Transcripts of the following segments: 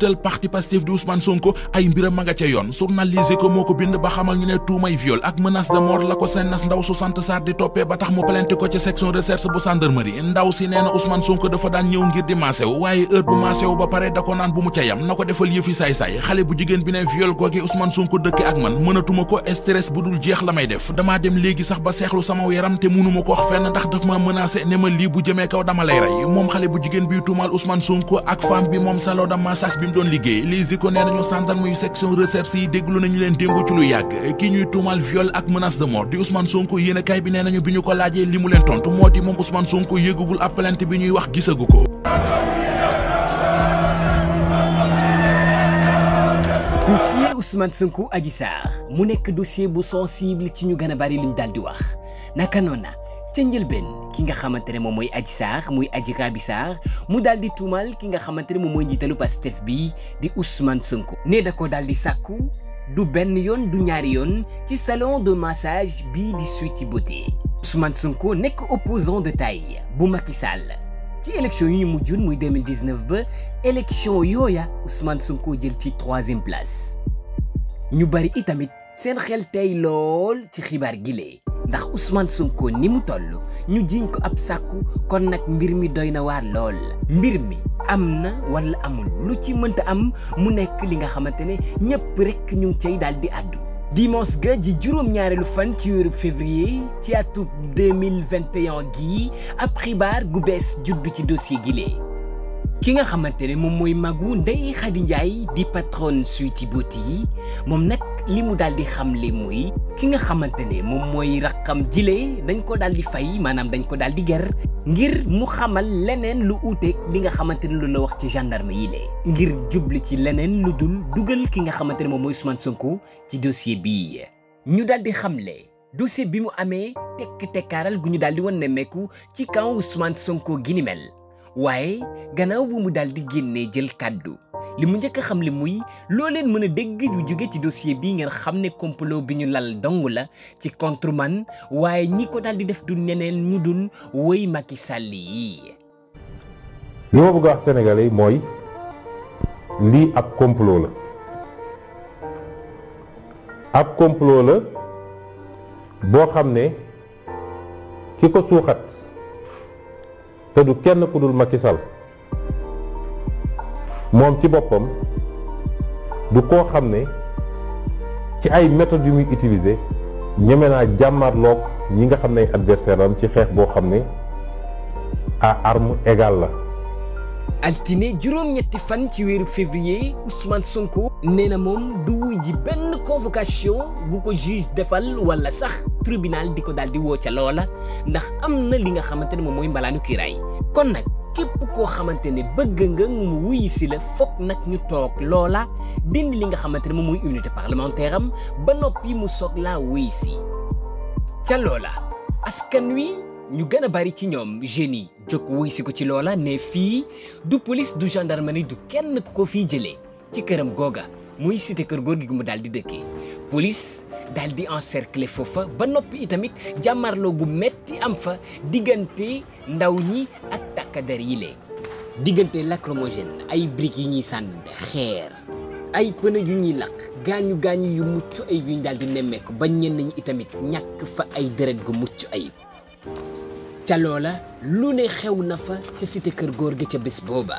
njiital parti Pastef di Ousmane Sonko ay mbiram ma nga ca yoon journalisé ko moo ko bind ba xamal ñu ne tuumay viol ak menace de mort la ko Senas ndaw su sant Sarr di toppee ba tax mu plainte ko ci section recherche bu gendarmerie ndaw si nee na Ousmane Sonko dafa daan ñëw ngir di maasew waaye heure bu maasew ba pare da ko naan bu mu ca yam na ko defal yëfi saay-saay xale bu jigéen bi ne viol googi Ousmane Sonko dëkke ak man mënatuma ko stress bu dul jeex lim doon liggéey Les Échos nee nañu sandarme yu section recherche yi déglu nañu leen démb ci lu yàgg ki ñuy tuumal viol ak menace de mort di Ousmane Sonko yéene bi nee nañu bi ñu ko laajee li mu leen tontu moo di moom Ousmane Sonko yëgugul ab plainte bi ñuy wax gisagu ko dossier Ousmane Sonko Adji Sarr mu nekk dossier bu sensible ci ñu gën a bari luñ daal di wax naka noona ca njëlbeen ki nga xamante ne moom mooy Adji Sarr muy Adji Raby Sarr mu daal di tuumal ki nga xamante ne moom mooy njiitalu Pastef bi di Ousmane Sonko ne da daal di sàkku du benn yoon du ñaari yoon ci salon de massage bii di Sweety Beauté Ousmane Sonko nekk opposant de taille bu Macky Sall ci élection yu ñu mujjoon muy 2019 ba élection yooya Ousmane Sonko jël ci troisième place ñu bari itamit seen xel tey lool ci xibaar gile ndax Ousmane Sonko ni mu toll ñu jiñ ko ab sàkku kon nag mbir mi doy na waar lool mbir mi am na wala amul lu ci mënta am mu nekk li nga xamante ne ñëpp rek ñu ngi cay daal di àddu dimanche ga ji juróom-ñaareelu fan ci weeru février ci atub 2021 gii ab xibaar gu bees juddu ci dossier gi lee ki nga xamante ne moom mooy magu Ndeye Khady Ndiaye di patronne Sweety yi moom nag li mu daal di xamle muy ki nga xamante ne moom mooy raqam jile dañ ko daal di fay maanaam dañ ko daal di ger ngir mu xamal leneen lu uuteeg li nga xamante ne lu la wax ci gendarme yi lee ngir jubli ci leneen lu dul dugal ki nga xamante ne moom mooy Ousmane Sonko ci dossier bii ñu daal di xamle dossier bi mu amee tekk tekkaaral gu ñu daal di wan ne ci kaw Ousmane Sonko gi waaye gannaaw bu mu daal di génnee jël kàddu li mu njëkk a xam li muy loo leen mën a dégg yu jóge ci dossier bi ngeen xam ne complot bi ñu lal dong la ci contre man waaye ñi ko daal di def du neneen ñu dul woy Macky Sall yi li ma bëgg a wax mooy lii ab complot la ab complot la boo xam ne ki ko suuxat te du kenn ku dul Macky Sall moom ci boppam du koo xam ne ci ay méthodes yu muy utiliser ñeme naa jàmmarloog ñi nga xam ne adversaire am ci xeex boo xam ne à arme égale la altine juróom-ñetti fan ci weeru février Ousmane Sonko nee na moom du wuy ji benn convocation bu ko juge defal wala sax tribunal di ko daal di woo ca loola ndax am na li nga xamante ne moom mooy mbalaanu kiiraay kon nag képp koo xamante ne bëgg nga mu wuyi si la foog nag ñu toog loola dindi li nga xamante ne moom mooy unité parlementaire am ba noppi mu soog laa wuyi si ca loola askan wi. ñu gën a bari ci ñoom jeunes yi jóg wuy ko ci loola ne fii du police du gendarmerie du kenn ku ko fii jëlee ci këram googa muy cité kër góor gi mu daal di dëkkee police daal di encercler foofa ba noppi itamit jàmmarloo gu metti am fa diggante ndaw ñi ak takkader yi lee diggante lacrymogène ay briques yu ñuy sànnante xeer ay pëne yu ñuy lakk gaañu gaañu yu mucc ayib yu ñu daal di nemmeeku ba ñenn ñi itamit ñàkk fa ay deret gu mucc ayib ca loola lu ne xew na fa ca cité kër góor gi ca bés booba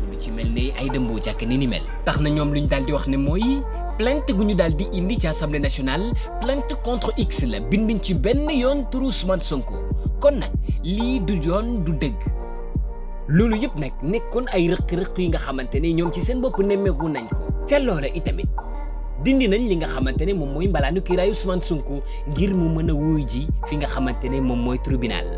Aïda Mbodj ak ni tax na ñoom lu ñu daal di wax ne mooy plainte gu ñu daal di indi ci assemblée nationale plainte contre X la binduñ ci benn yoon turu Ousmane Sonko kon nag lii du yoon du dëgg loolu yëpp nag nekkoon ay rëq-rëq yi nga xamante ne ñoom ci seen bopp nemmeeku nañ ko ca loola itamit dindi nañ li nga xamante ne moom mooy mbalaanu kiiraayu Ousmane Sonko ngir mu mën a ji fi nga xamante ne moom mooy tribunal.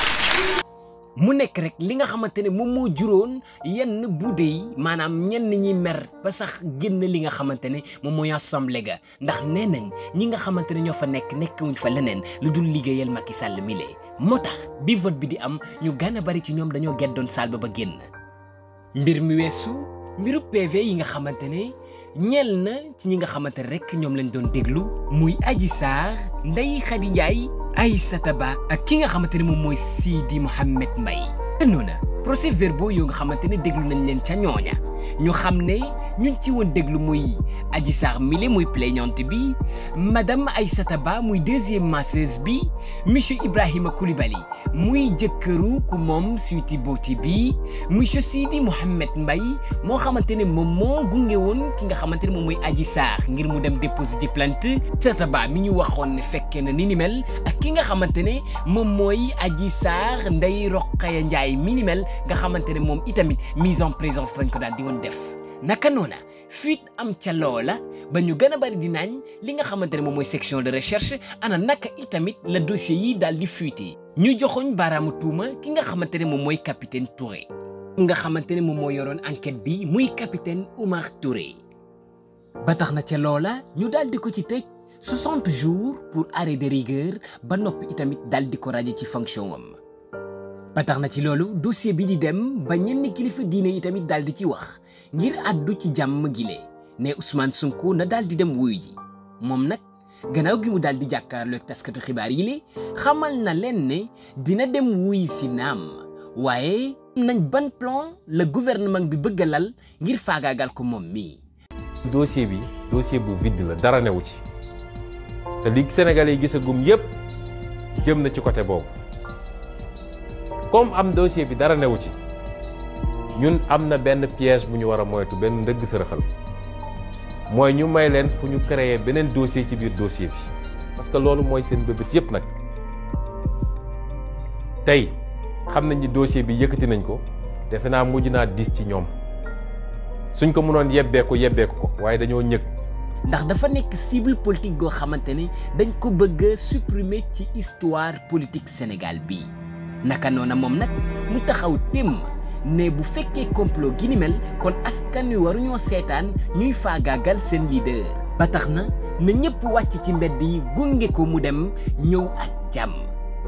mu nekk rek li nga xamante ne moom moo juróon yenn buude maanaam ñenn ñi mer ba sax génn li nga xamante ne moom mooy assemblée ga ndax nee nañ ñi nga xamante ne ñoo fa nekk nekk nekkuñ fa leneen lu dul liggéeyal Macky Sall mi lee moo tax bi vote bi di am ñu gën a bari ci ñoom dañoo geddoon salle ba ba génn mbir mi weesu mbiru PV yi nga xamante ni ñeel na ci ñi nga xamante rek ñoom lañ doon déglu muy aji Sarr Ndeye Khady Ndiaye ay sataba ak ki nga xamante ne moom mooy Sidi Mouhamed Mbaye. noona procès verbaux yoo nga xamante ne déglu nañ leen ca ñooña ñu xam ne. ñun ci woon déglu muy aji Sarr mile muy plaignante bi madame ay Ba muy deuxième masseuse bi monsieur Ibrahima Koulibaly muy jëkkëru ku moom suiti booti bi monsieur Sidi Mouhamed mbay moo xamante ne moom moo gunge woon ki nga xamante ne moom mooy Adji Sarr ngir mu dem déposer di plainte Aïssata Ba ñu waxoon ne fekkee na ni ak ki nga xamante ne moom mooy Adji Sarr Ndeye Rokhaya Ndiaye mi ni nga xamante ne moom itamit mise en présence lañ ko daal di woon def naka noona fuite am ca loola ba ñu gën a bari di naañ li nga xamante ne moom mooy section de recherche ana naka itamit la dossier yi daal di fuité ñu joxoñ baaraamu tuuma ki nga xamante ne moom mooy capitaine Touré nga xamante ne moom moo yoroon enquête bi muy capitaine Oumar Touré ba tax na ca loola ñu daal di ko ci tëj 60 jours pour arrêt de rigueur ba noppi itamit daal di ko raje ci fonction am ba na ci loolu dossier bi di dem ba ñenn kilifa diine yi tamit daal di ci wax ngir àddu ci jàmm gile ne Ousmane Sonko na daal di dem wuy ji moom nag gannaaw gi mu daal di jàkkaarloo ak taskatu xibaar yi li xamal na leen ne dina dem wuy si naam waaye nañ ban plan la gouvernement bi bëgg lal ngir faagaagal ko moom mii. dossier bi dossier bu vide la dara newu ci te li Sénégalais yi gisagum yépp jëm na ci côté boobu. comme am dossier bi dara newu ci ñun am na benn piège bu ñu war a moytu benn ndëgg sërëxal mooy ñu may leen fu ñu créer beneen dossier ci biir dossier bi parce que loolu mooy seen bëbët yépp nag tey xam nañ ni dossier bi yëkkati nañ ko defe naa mujj naa dis ci ñoom suñ ko mënoon yebbeeku yebbeeku ko waaye dañoo ñëg ndax dafa nekk cible politique goo xamante ni dañ ko bëgg a supprimer ci istuwaar politique Sénégal bii naka noona moom nag mu taxaw témm ne bu fekkee complot gi kon askan wi waruñoo seetaan ñuy faagaagal seen leader. ba tax na na ñëpp wàcc ci mbedd yi gunge ko mu dem ñëw ak jàmm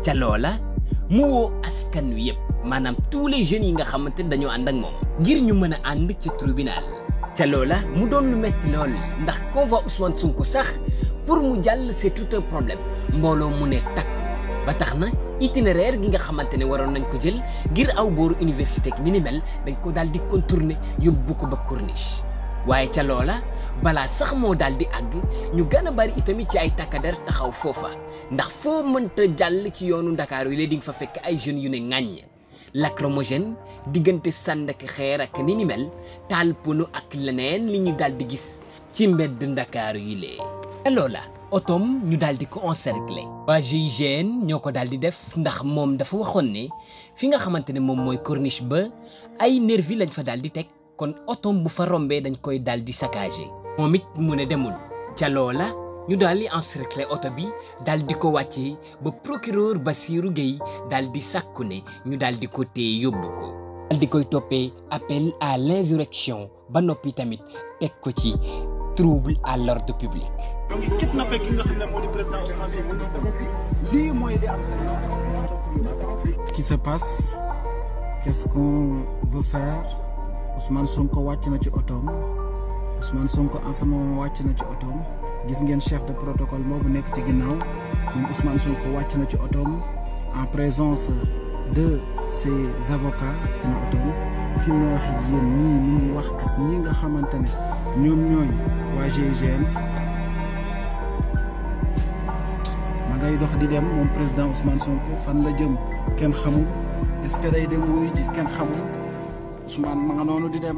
ca loola mu woo askan wi yëpp maanaam tous les jeunes yi nga xamante ne dañoo ànd ak moom ngir ñu mën a ànd ci tribunal. ca loola mu doon lu metti lool ndax convoi Ousmane Sonko sax pour mu jàll c'est tout un problème mbooloo mu ne takk. ba tax na itinereer gi nga xamante ne waroon nañ ko jël ngir aw booru université ak minimel dañ ko daal di contourner yóbbu ko ba corniche waaye ca loola balaa sax moo daal di àgg ñu gën a bari itamit ci ay takkader taxaw foofa ndax foo mënta jàll ci yoonu ndakaaru yi léegi di nga fa fekk ay jeunes yu ne ŋàññ lacrymogène diggante sànd ak xeer ak ni ni mel taal pono ak leneen li ñu daal di gis ci mbedd ndakaaru yi lee loola otom ñu daal di ko encercler waa GIGN ñoo ko daal di def ndax moom dafa waxoon ne fi nga xamante ne moom mooy corniche ba ay nervi lañ fa daal di teg kon otom bu fa rombee dañ koy daal di saccagé moom it mu ne demul ca loola ñu daal di encercler oto bi daal di ko wàccee ba procureur Bassirou Gueye daal di sàkku ne ñu daal di ko téye yóbbu ko daal di koy toppee appel à l'insurrection ba noppi tamit teg ko ci trouble à l'ordre public. Ce qui se passe, qu'est-ce qu'on veut faire Ousmane Sonko wàcc na ci otoom Ousmane Sonko en ce wàcc na ci otoom gis ngeen chef de protocole bu nekk ci ginnaaw moom Ousmane Sonko wàcc na ci otoom en présence de ses avocats dina otoom. fi mu wax ak yéen ñu wax ak ñi nga xamante ne ñoom ñooy waa GIGN ma ngay dox di dem moom président Ousmane Sonko fan la jëm kenn xamu est que day dem wuyu ji kenn xamul Ousmane ma nga noonu di dem.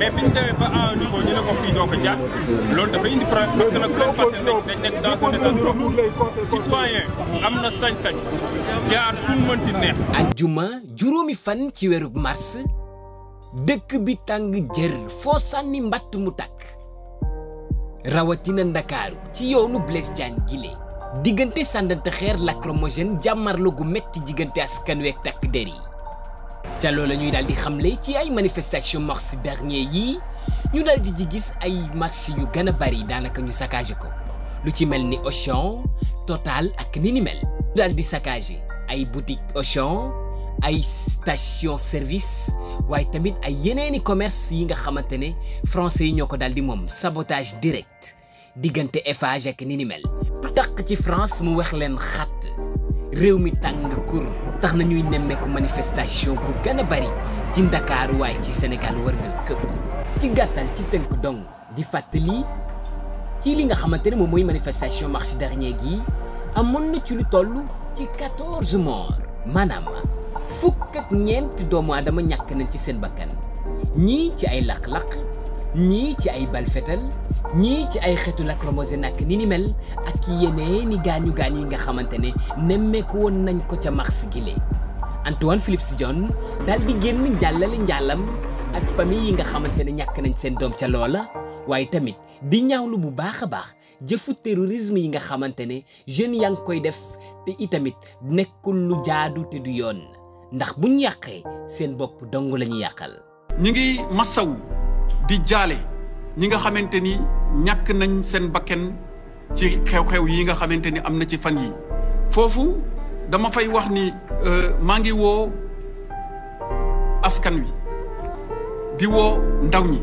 mais biñ demee ba à un niveau ñu ne ko fii doo ko jàpp loolu dafa indi problème parce que nag bu leen nekk dañ nekk dans un am na sañ-sañ jaar fu mënti neex. ajjuma juróomi fan ci weru mars dëkk bi tàng jër foo sànni mbatt mu takk rawatina ndakaaru ci yoonu Blaise Diagne diggante sàndante xeer lacrymogène jàmmarloo gu metti jiggante askan wi ak takk der yi. ca loolu la ñuy daal di xamle ci ay manifestation mars dernier yi ñu daal di ji gis ay marché yu gën a bari daanaka ñu saccagé ko lu ci mel ni Auchan Total ak ni mel ñu daal di saccagé ay boutique Auchan ay station service waaye tamit ay yeneeni commerce yi nga xamante ne français yi ñoo ko daal di moom sabotage direct diggante Eiffage ak ni mel lu tax ci France mu wax leen xat réew mi tàng kur tax na ñuy nemmeeku manifestation bu gën a bari ci Ndakaaru ci Sénégal war nga këpp ci gàttal ci tënk donc di fàttali ci li nga xamante ne moom mooy manifestation mars dernier gi amoon na ci lu toll ci quatorze morts maanaam fukk ak ñeent doomu aadama ñàkk nañ ci seen bakkan ñii ci ay lakk-lakk ñii ci ay bal fetal ñii ci ay xeetu lacrymogène ak ni ni mel ak yeneeni gaañu gaañu yi nga xamante ne nemmeeku woon nañ ko ca mars gile Antoine Philips John daal di génn njàllale njàllam ak famille yi nga xamante ne ñàkk nañ seen doom ca loola waaye tamit di ñaawlu bu baax a baax jëfu terrorisme yi nga xamante ne jeunes yaa ngi koy def te itamit nekkul lu jaadu te du yoon ndax buñ yàqee seen bopp dong la ñu yàqal. ñi ngi masaw di jaale ñi nga xamante ni ñàkk nañ seen bakken ci xew-xew yi nga xamante ni am na ci fan yi foofu dama fay wax ni euh, maa ngi woo askan wi di woo ndaw ñi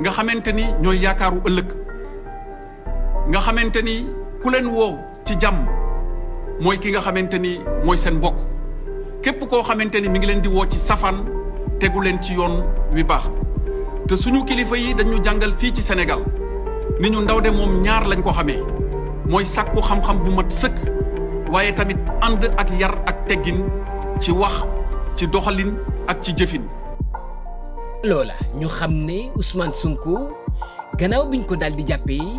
nga xamante ni ñooy yaakaaru ëllëg nga xamante ni ku leen woo ci jàmm mooy ki nga xamante ni mooy seen mbokk képp koo xamante ni mi ngi leen di woo ci safaan tegu leen ci yoon wi baax te suñu kilifa yi dañu jàngal fii ci senegal ni ñu ndaw de moom ñaar lañ ko xamee mooy sàkku xam-xam bu mat sëkk waaye tamit ànd ak yar ak teggin ci wax ci doxalin ak ci jëfin. loola ñu xam ne Ousmane Sonko gannaaw biñ ko daal di jàppee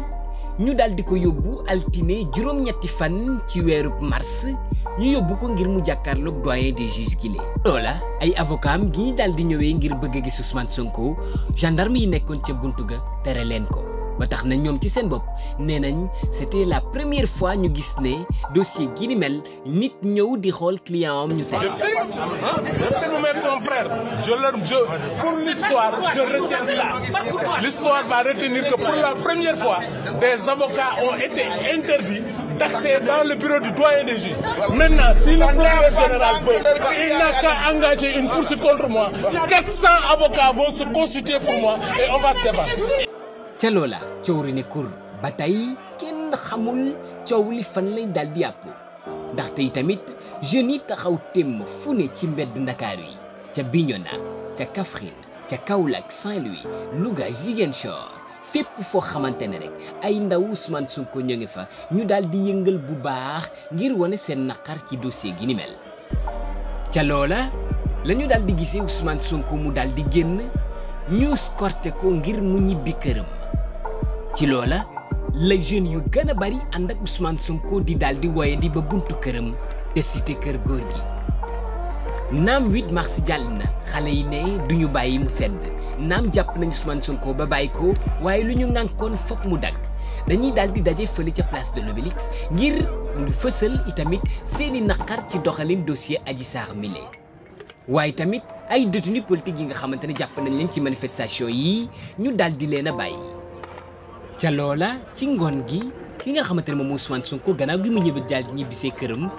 ñu daldi ko yóbbu altine juróom-ñetti fan ci weerub mars. ñu yóbbu ko ngir mu jàkkaarloog doyen des juges gi loola ay avocat gi ñu daal di ñëwee ngir bëgg gisu Ousmane Sonko gendarme yi nekkoon ca buntu ga tere leen ko ba tax na ñoom ci seen bopp nee nañ c'était la première fois ñu gis ne dossier gi ni mel nit ñëw di xool client am ñu tere. mon frère je leur pour la première fois des avocats ont été interdits taxé dans le bureau du doyen des Maintenant, si le procureur général veut, il n'a qu'à engager une poursuite contre moi. 400 avocats vont se consulter pour moi et on va ca loola coow li ne kur ba tey kenn xamul coow li fan lañ daal di yàpp ndaxte yi tamit jeunes yi taxaw temm fu ne ci mbedd Ndakaar yi ca Bignona ca Kaffrine ca Kaolack Saint-Louis Louga Ziguinchor. fépp foo xamante ne rek ay ndaw Ousmane Sonko ñoo ngi fa ñu daal di yëngal bu baax ngir wane seen naqar ci dossier gi ni mel. ca loola la ñu daal di gisee Ousmane Sonko mu daal di génn ñu escorté ko ngir mu ñibbi këram ci loola la jeunes yu gën a bari ànd ak Ousmane Sonko di daal di woyandi ba buntu këram te cité kër góor gi naam 8 mars jàll na xale yi ne duñu bàyyi mu sedd. naam jàpp nañ Ousmane Sonko ba bàyyi ko waaye lu ñu ŋànkoon foog mu dagg dañuy daal di daje fële ca place de l'Obélisque ngir fësal itamit seeni naqar ci doxalin dossier Adji Sarr mile waaye tamit ay détenu politique yi nga xamante ne jàpp nañ leen ci manifestation yi ñu daal di leen a bàyyi ca loola ci ngoon gi ki nga xamante ne moom Ousmane Sonko gannaaw gi mu ñëbët daal di ñibbisee këram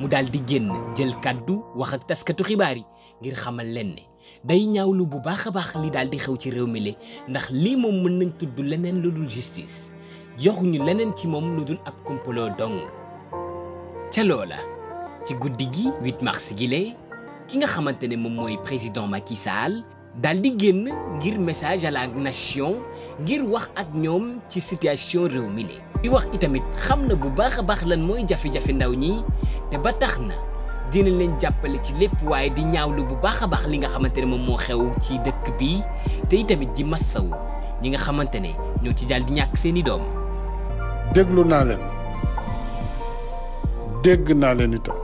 mu daal di génn jël kàddu wax ak taskatu xibaar yi ngir xamal leen ne day lu bu baax a baax li daal di xew ci réew mi li ndax lii moom mën nañ tudd leneen lu dul justice joxuñu leneen ci moom lu dul ab kompaloo dong ca loola ci guddi gi 8 mars gi le ki nga xamante ne moom mooy président Macky Sall daal di génn ngir message à la nation ngir wax ak ñoom ci situation réew mi li wax itamit xam na bu baax a baax lan mooy jafe-jafe ndaw ñi te ba tax na dina leen jàppale ci lépp waaye di ñaawlu bu baax a baax li nga xamante ne moom moo xew ci dëkk bi tey tamit ji massawu ñi nga xamante ne ñoo ci daal di ñàkk seeni doom. déglu naa leen dégg naa leen itam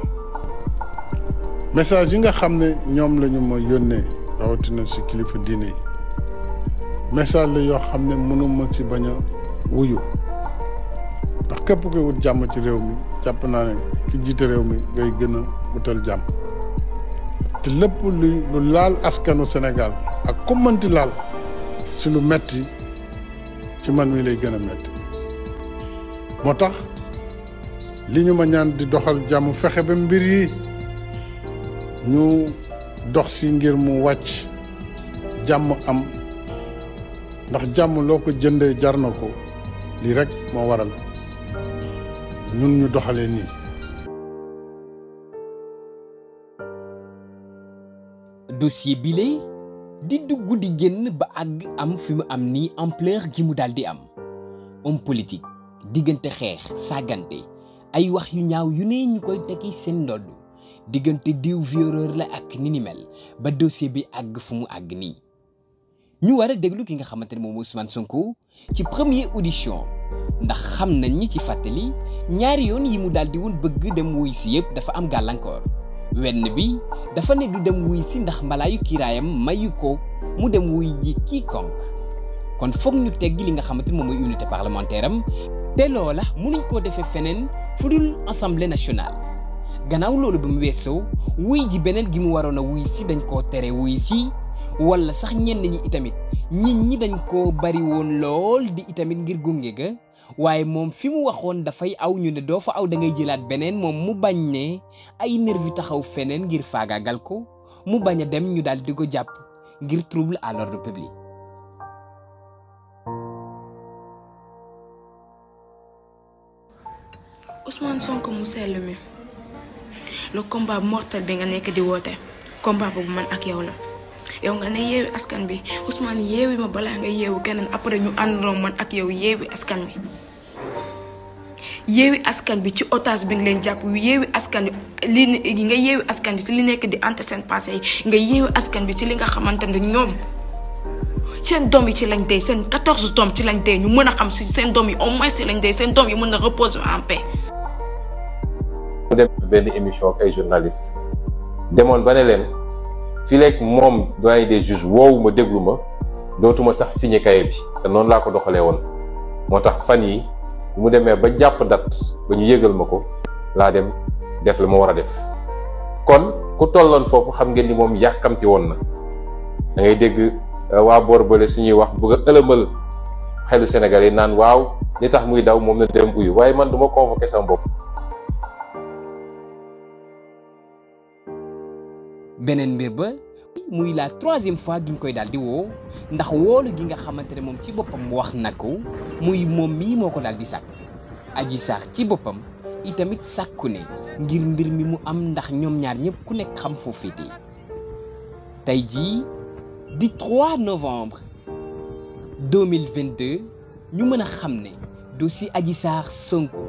message yi nga xam ne ñoom la ñu ma yónnee rawatina si kilifa diine yi message la yoo xam ne mënu si bañ wuyu ndax képp koy wut jàmm ci réew mi jàpp naa ne ki jiite réew mi ngay gën utal jàmm te lépp lu lu laal askanu senegal ak ku mënti laal si lu metti ci man mi lay gën a metti moo tax li ñu ma ñaan di doxal jàmm fexe ba mbir yi ñu dox si ngir mu wàcc jàmm am ndax jàmm loo ko jëndee jar na ko lii rek moo waral ñun ñu doxalee nii dossier bile di dugg di génn ba àgg am fi mu am nii empleur gi mu daal di am homme politique diggante xeex sàggante ay wax yu ñaaw yu ne ñu koy tekki seen ndodd diggante diw violeur la ak ni mel ba dossier bi àgg fu mu àgg nii ñu war a déglu ki nga xamante ne moom Ousmane Sonko ci premier audition ndax xam nañ ñi ci fàttali ñaari yoon yi mu daal di woon bëgg dem wuy si yëpp dafa am gàllankoor wenn bi dafa ne du dem wuy si ndax mbalaayu kiiraayam mayu ko mu dem wuy ji quiconque kon foog ñu teggi li nga xamante ni moom mooy unité parlementaire am te loola mënuñ koo defee feneen fu dul assemblée nationale gannaaw loolu ba mu weesoo wuy ji beneen gi mu waroon a wuy si dañ koo tere wuy si wala sax ñenn ñi itamit nit ñi dañ ko bari woon lool di itamit ngir gunge ga waaye moom fi mu waxoon dafay aw ñu ne doo fa aw dangay ngay jëlaat beneen moom mu bañ ne ay nervi taxaw feneen ngir faagaagal ko mu bañ a dem ñu daal di ko jàpp ngir trouble à l'ordre public. Ousmane Sonko mu sell mi le combat mortel bi nga nekk di woote combat boobu man ak yow la. yow nga ne yeewi askan bi Ousmane yeewi ma balaa nga yeewu keneen après ñu àndandoo man ak yow yeewi askan bi yeewi askan bi ci otage bi nga leen jàpp yeewi askan bi li nga yeewi askan bi ci li nekk di ante seen passé nga yeewi askan bi ci li nga xamante ne ñoom seen doom yi ci lañ dee seen 14 doom ci lañ dee ñu mën a xam si seen doom yi au moins ci lañ dee seen doom yi mën a reposer en paix. dem benn émission ak ay demoon ba ne leen. fii leeg moom doyen des juges woowu ma déglu ma dootuma sax signé cahier bi te noonu laa ko doxalee woon moo tax fan yi bu mu demee ba jàpp dat ba ñu yëgal ma ko laa dem def la ma war a def kon ku tolloon foofu xam ngeen ni moom yàkkamti woon na da ngay dégg euh, waa boor bële suñuy wax bëgg a ëlëmal xelu Sénégal yi naan waaw li tax muy daw moom na dem uyu waaye man duma ma convoqué sama bopp beneen mbir ba muy la troisième fois gi ñu koy daal di woo ndax woolu gi nga xamante ne moom ci boppam wax na ko muy moom mii moo ko daal di sàkk aji saax ci boppam itamit sàkku ne ngir mbir mi mu am ndax ñoom ñaar ñëpp ku nekk xam foofu féete tey jii di 3 novembre 2022 ñu mën a xam ne si aji saax sonko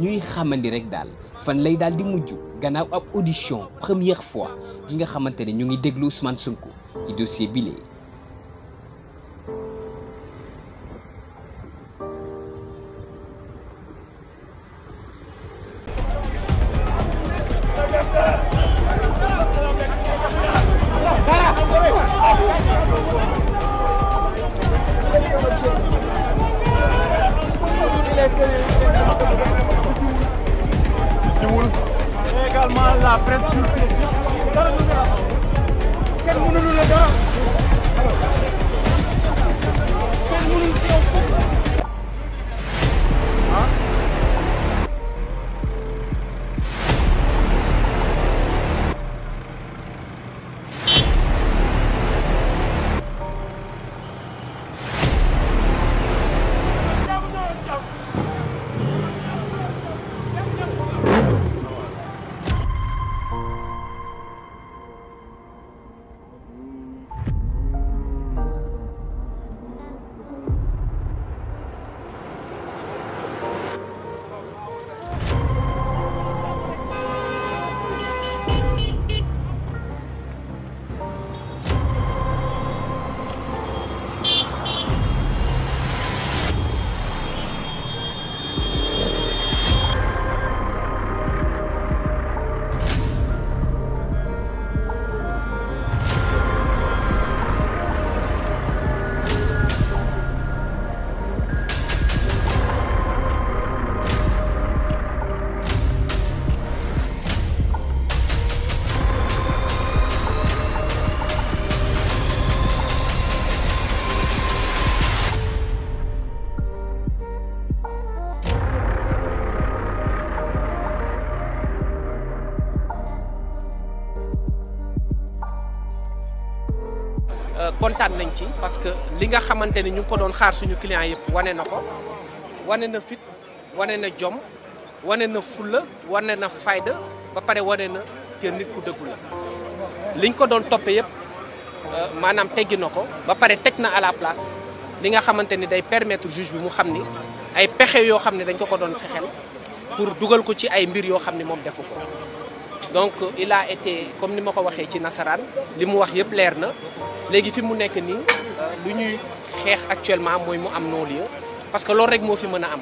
ñuy xamandi rek daal fan lay daal di mujj gannaaw ab audition première fois gi nga xamante ne ñu ngi déglu Ousmane Sonko ci dossier bi lee normalement la presse culturelle dara du dara kenn mënul la dara kenn mënul ci yow nañ ci parce que li nga xamante ni ñu ngi ko doon xaar suñu client yëpp wane na ko wane na fit wane na jom wane na fulla wane na fayda ba pare wane na que nit ku dëggu la liñ ko doon toppe yëpp euh, maanaam teggi na ko ba pare teg na à la place li nga xamante ni day permettre juge bi mu xam ni ay pexe yoo xam ne dañ ko ko doon fexeel pour dugal ko ci ay mbir yoo xam ni moom defu ko donc il été comme ni ma ko waxee ci nasaraan li mu wax yëpp leer na léegi fi mu nekk nii lu ñuy xeex actuellement mooy mu am non-lieu parce que loolu rek moo fi mën a am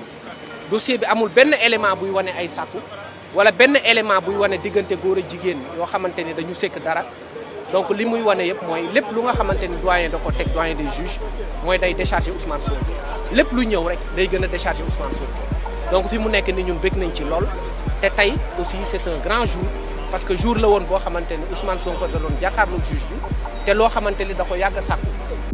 dossier bi amul benn élément buy wane ay sàkku wala benn élément buy wane diggante góor a jigéen yoo xamante ni dañu sekk dara donc li muy wane yëpp mooy lépp lu nga xamante ni doyen da ko teg doyen des juges mooy day décharger Ousmane Sonko lépp lu ñëw rek day gën a décharger Ousmane Sonko donc fi mu nekk ni ñun bëgg nañ ci lool te tey aussi c'est un grand jour parce que jour la woon boo xamante ne Ousmane Sonko da doon jàkkaarloog juge bi te loo xamante ni da ko yàgg a sàkku